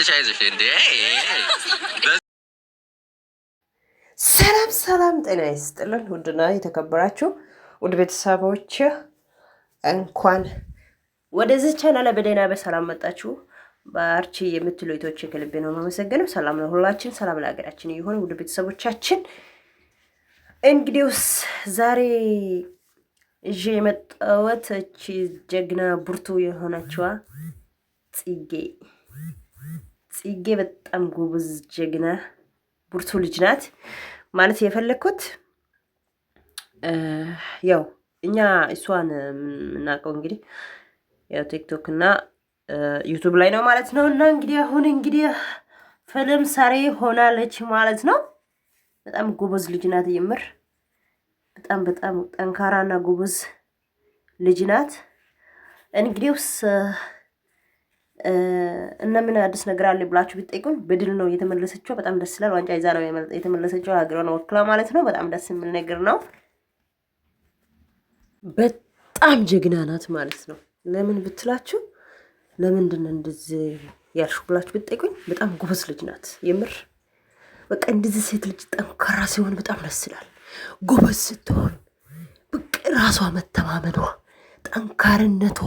ትሰሚኛለሽ፣ አይዞሽ እንዴ። ሰላም ሰላም፣ ጤና ይስጥልን ውድና የተከበራችሁ ውድ ቤተሰቦች እንኳን ወደዚህ ቻናል በደህና በሰላም መጣችሁ። በአርቺ የምትሉ ቶች ከልቤ ነው የማመሰግነው። ሰላም ለሁላችን፣ ሰላም ለሀገራችን የሆነ ውድ ቤተሰቦቻችን እንግዲውስ ዛሬ እዥ የመጣወት እቺ ጀግና ብርቱ የሆነችዋ ጽጌ ጽጌ በጣም ጎበዝ ጀግና ቡርቱ ልጅ ናት ማለት የፈለግኩት ያው እኛ እሷን የምናውቀው እንግዲህ ያው ቲክቶክ እና ዩቱብ ላይ ነው ማለት ነው። እና እንግዲህ አሁን እንግዲህ ፊልም ሰሪ ሆናለች ማለት ነው። በጣም ጎበዝ ልጅ ናት። የምር በጣም በጣም ጠንካራና ጎበዝ ልጅ ናት። እንግዲህ ውስ እነምን አዲስ ነገር አለ ብላችሁ ቢጠይቁኝ በድል ነው የተመለሰችው። በጣም ደስ ይላል። ዋንጫ ይዛ ነው የተመለሰችው ሀገሯን ወክላ ማለት ነው። በጣም ደስ የሚል ነገር ነው። በጣም ጀግና ናት ማለት ነው። ለምን ብትላችሁ ለምንድን እንደዚህ ያልሽ ብላችሁ ብጠይቁኝ በጣም ጎበዝ ልጅ ናት። የምር በቃ እንደዚህ ሴት ልጅ ጠንካራ ሲሆን በጣም ደስ ይላል። ጎበዝ ስትሆን በቃ ራሷ መተማመኗ፣ ጠንካርነቷ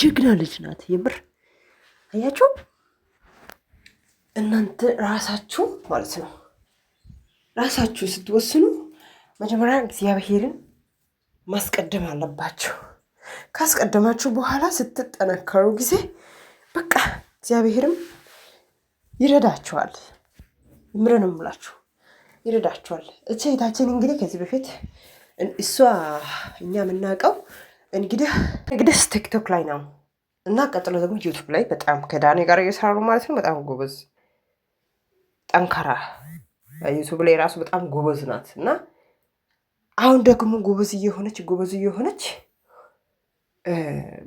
ጀግና ልጅ ናት የምር አያችሁ፣ እናንተ ራሳችሁ ማለት ነው ራሳችሁ ስትወስኑ መጀመሪያ እግዚአብሔርን ማስቀደም አለባችሁ። ካስቀደማችሁ በኋላ ስትጠነከሩ ጊዜ በቃ እግዚአብሔርም ይረዳችኋል። ምረ ነው ይረዳችኋል። እቺ እህታችን እንግዲህ ከዚህ በፊት እሷ እኛ የምናውቀው እንግዲህ ንግድስ ቲክቶክ ላይ ነው እና ቀጥሎ ደግሞ ዩቱብ ላይ በጣም ከዳኔ ጋር እየሰራሉ ማለት ነው። በጣም ጎበዝ ጠንካራ ዩቱብ ላይ ራሱ በጣም ጎበዝ ናት እና አሁን ደግሞ ጎበዝ እየሆነች ጎበዝ እየሆነች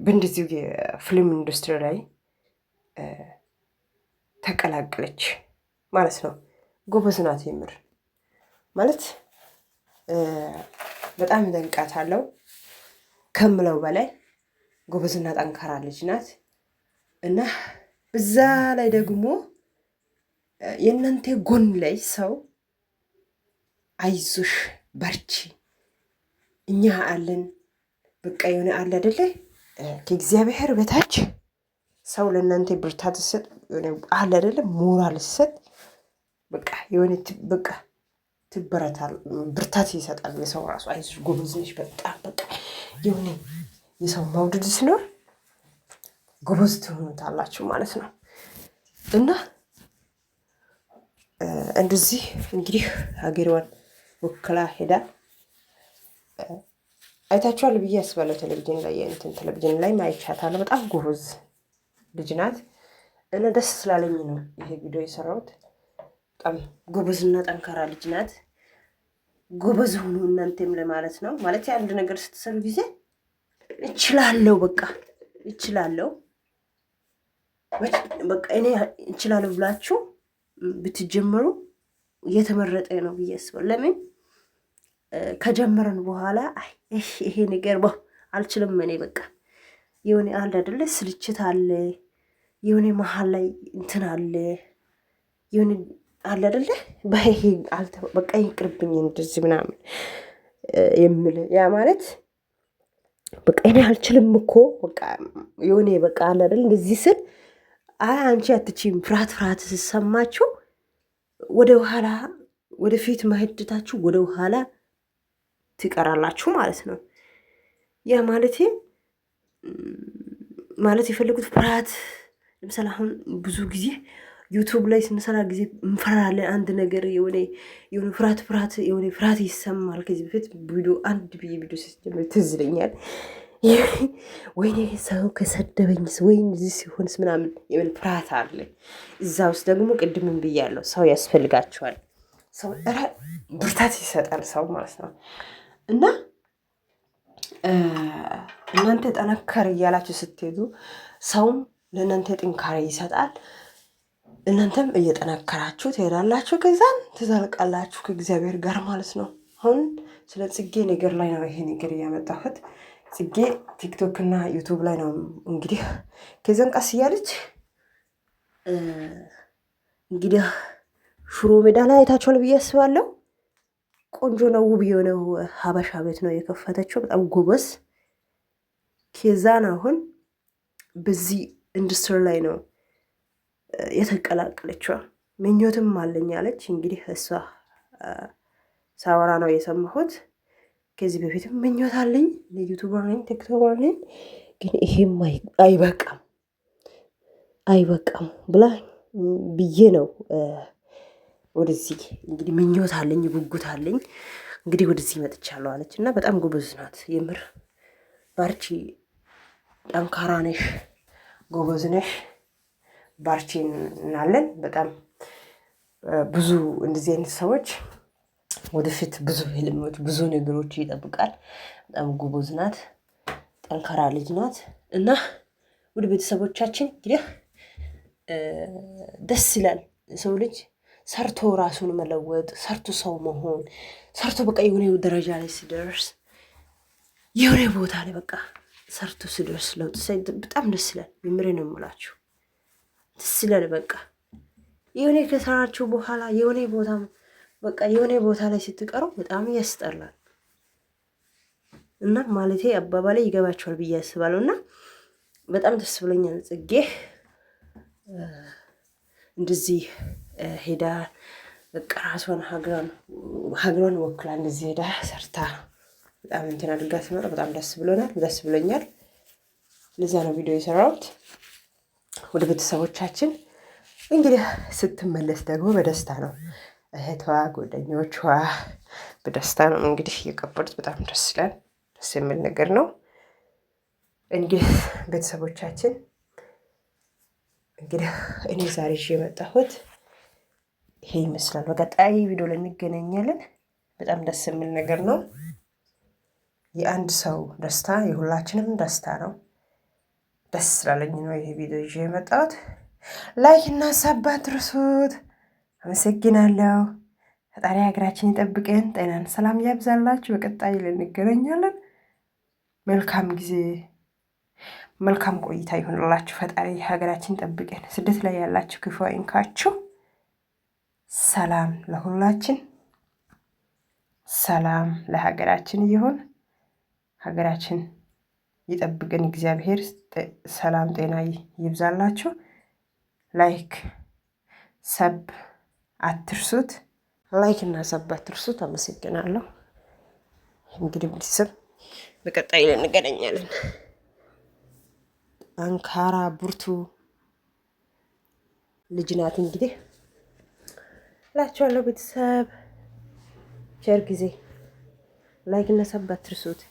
በእንደዚሁ የፊልም ኢንዱስትሪ ላይ ተቀላቀለች ማለት ነው። ጎበዝ ናት የምር ማለት በጣም ደንቃት አለው ከምለው በላይ ጎበዝና ጠንካራ ልጅ ናት እና በዛ ላይ ደግሞ የእናንተ ጎን ላይ ሰው አይዞሽ፣ በርቺ፣ እኛ አለን በቃ የሆነ አለ አደለ ከእግዚአብሔር በታች ሰው ለእናንተ ብርታት ሲሰጥ አለ አደለ ሞራል ሲሰጥ በቃ የሆነ በቃ ትበረታል ብርታት ይሰጣል። የሰው ራሱ አይዞሽ፣ ጎበዝ ነሽ፣ በጣም በቃ የሆነ የሰው መውደድ ሲኖር ጎበዝ ትሆኑታላችሁ ማለት ነው። እና እንደዚህ እንግዲህ ሀገሪዋን ወክላ ሄዳ አይታችኋል ብዬ ያስባለሁ። ቴሌቪዥን ላይ እንትን ቴሌቪዥን ላይ ማይቻታለ በጣም ጎበዝ ልጅ ናት እና ደስ ስላለኝ ነው ይሄ ቪዲዮ የሰራሁት። በጣም ጎበዝና ጠንካራ ልጅ ናት። ጎበዝ ሆኑ እናንተም ለማለት ነው። ማለት የአንድ ነገር ስትሰሩ ጊዜ እችላለሁ፣ በቃ እችላለሁ፣ በቃ እኔ እችላለሁ ብላችሁ ብትጀምሩ እየተመረጠ ነው ብዬ አስባለሁ። ለምን ከጀመረን በኋላ ይሄ ነገር አልችልም እኔ በቃ የሆነ አንድ አይደለ ስልችት አለ፣ የሆነ መሀል ላይ እንትን አለ፣ የሆነ አለ አይደለ በቃ ይቅርብኝ እንደዚህ ምናምን የምል ያ ማለት በቃ እኔ አልችልም እኮ በቃ የሆነ በቃ አለ አይደል እንደዚህ ስል አይ አንቺ አትችይም ፍርሃት ፍርሃት ስሰማችሁ ወደ ኋላ ወደፊት መሄድታችሁ ወደ ኋላ ትቀራላችሁ ማለት ነው። ያ ማለት ማለት የፈለጉት ፍርሃት ለምሳሌ አሁን ብዙ ጊዜ ዩቱብ ላይ ስንሰራ ጊዜ እንፈራለን። አንድ ነገር የሆነ የሆነ ፍርሃት ፍርሃት የሆነ ፍርሃት ይሰማል። ከዚህ በፊት ቪዲዮ አንድ ብዬ ቪዲዮ ሲጀምር ትዝ ይለኛል። ወይኔ ሰው ከሰደበኝስ ወይ እዚህ ሲሆንስ ምናምን የምን ፍርሃት አለ። እዛ ውስጥ ደግሞ ቅድምን ብያለሁ፣ ሰው ያስፈልጋቸዋል። ሰው ብርታት ይሰጣል ሰው ማለት ነው እና እናንተ ጠነከር እያላችሁ ስትሄዱ ሰውም ለእናንተ ጥንካሬ ይሰጣል። እናንተም እየጠነከራችሁ ትሄዳላችሁ፣ ከዛን ትዘልቃላችሁ ከእግዚአብሔር ጋር ማለት ነው። አሁን ስለ ጽጌ ነገር ላይ ነው ይሄ ነገር እያመጣሁት። ጽጌ ቲክቶክ እና ዩቱብ ላይ ነው እንግዲህ ከዛን ቀስ እያለች እንግዲህ ሽሮ ሜዳ ላይ አይታችኋል ብዬ አስባለሁ። ቆንጆ ነው፣ ውብ የሆነው ሀበሻ ቤት ነው የከፈተችው። በጣም ጎበዝ። ከዛን አሁን በዚህ ኢንዱስትሪ ላይ ነው የተቀላቀለችዋል። ምኞትም አለኝ አለች። እንግዲህ እሷ ሳወራ ነው የሰማሁት። ከዚህ በፊትም ምኞት አለኝ ለዩቱበር ነኝ ቲክቶከር ነኝ፣ ግን ይሄም አይበቃም አይበቃም ብላ ብዬ ነው ወደዚህ እንግዲህ ምኞት አለኝ ጉጉት አለኝ እንግዲህ ወደዚህ መጥቻለሁ አለች እና በጣም ጎበዝ ናት። የምር ባርቺ ጠንካራ ነሽ፣ ጎበዝ ነሽ። ባርቼ እናለን። በጣም ብዙ እንደዚህ አይነት ሰዎች ወደፊት ብዙ ህልሞች፣ ብዙ ነገሮች ይጠብቃል። በጣም ጉቦዝ ናት፣ ጠንካራ ልጅ ናት እና ወደ ቤተሰቦቻችን እንግዲህ ደስ ይላል። ሰው ልጅ ሰርቶ ራሱን መለወጥ፣ ሰርቶ ሰው መሆን፣ ሰርቶ በቃ የሆነ ደረጃ ላይ ሲደርስ የሆነ ቦታ ላይ በቃ ሰርቶ ሲደርስ ለውጥ ሳይ በጣም ደስ ይላል። የምሬ ነው የምላችሁ። ይላል። በቃ የሆነ ከሰራችሁ በኋላ የሆነ ቦታ በቃ የሆነ ቦታ ላይ ስትቀሩ በጣም ያስጠላል። እና ማለቴ አባባላይ ይገባቸዋል ብዬ አስባለሁ። እና በጣም ደስ ብሎኛል ጽጌ እንደዚህ ሄዳ በቃ ራሷን ሀገሯን ወክላ እንደዚህ ሄዳ ሰርታ በጣም እንትን አድርጋ ስመጣ በጣም ደስ ብሎናል፣ ደስ ብሎኛል። ለዛ ነው ቪዲዮ የሰራሁት። ወደ ቤተሰቦቻችን እንግዲህ ስትመለስ ደግሞ በደስታ ነው። እህቷ ጓደኞቿ በደስታ ነው እንግዲህ የቀበሉት። በጣም ደስ ይላል። ደስ የሚል ነገር ነው። እንግዲህ ቤተሰቦቻችን እንግዲህ እኔ ዛሬ ይዤ የመጣሁት ይሄ ይመስላል። በቀጣይ ቪዲዮ ላይ በጣም ደስ የሚል ነገር ነው። የአንድ ሰው ደስታ የሁላችንም ደስታ ነው። ደስ ስላለኝ ነው ይሄ ቪዲዮ ይዤ የመጣሁት። ላይክ እና ሳብ አትርሱት። አመሰግናለሁ። ፈጣሪ ሀገራችን ይጠብቀን፣ ጤናን ሰላም ያብዛላችሁ። በቀጣይ ልንገናኛለን። መልካም ጊዜ፣ መልካም ቆይታ ይሆንላችሁ። ፈጣሪ ሀገራችን ጠብቀን ስደት ላይ ያላችሁ ክፉ አይንካችሁ። ሰላም ለሁላችን፣ ሰላም ለሀገራችን ይሁን። ሀገራችን ይጠብቅን እግዚአብሔር። ሰላም ጤና ይብዛላችሁ። ላይክ ሰብ አትርሱት። ላይክ እና ሰብ አትርሱት። አመሰግናለሁ። እንግዲህ ቤተሰብ በቀጣይ እንገናኛለን። አንካራ ብርቱ ልጅ ናት እንግዲህ እላችኋለሁ። ቤተሰብ ቸር ጊዜ። ላይክ እና ሰብ አትርሱት።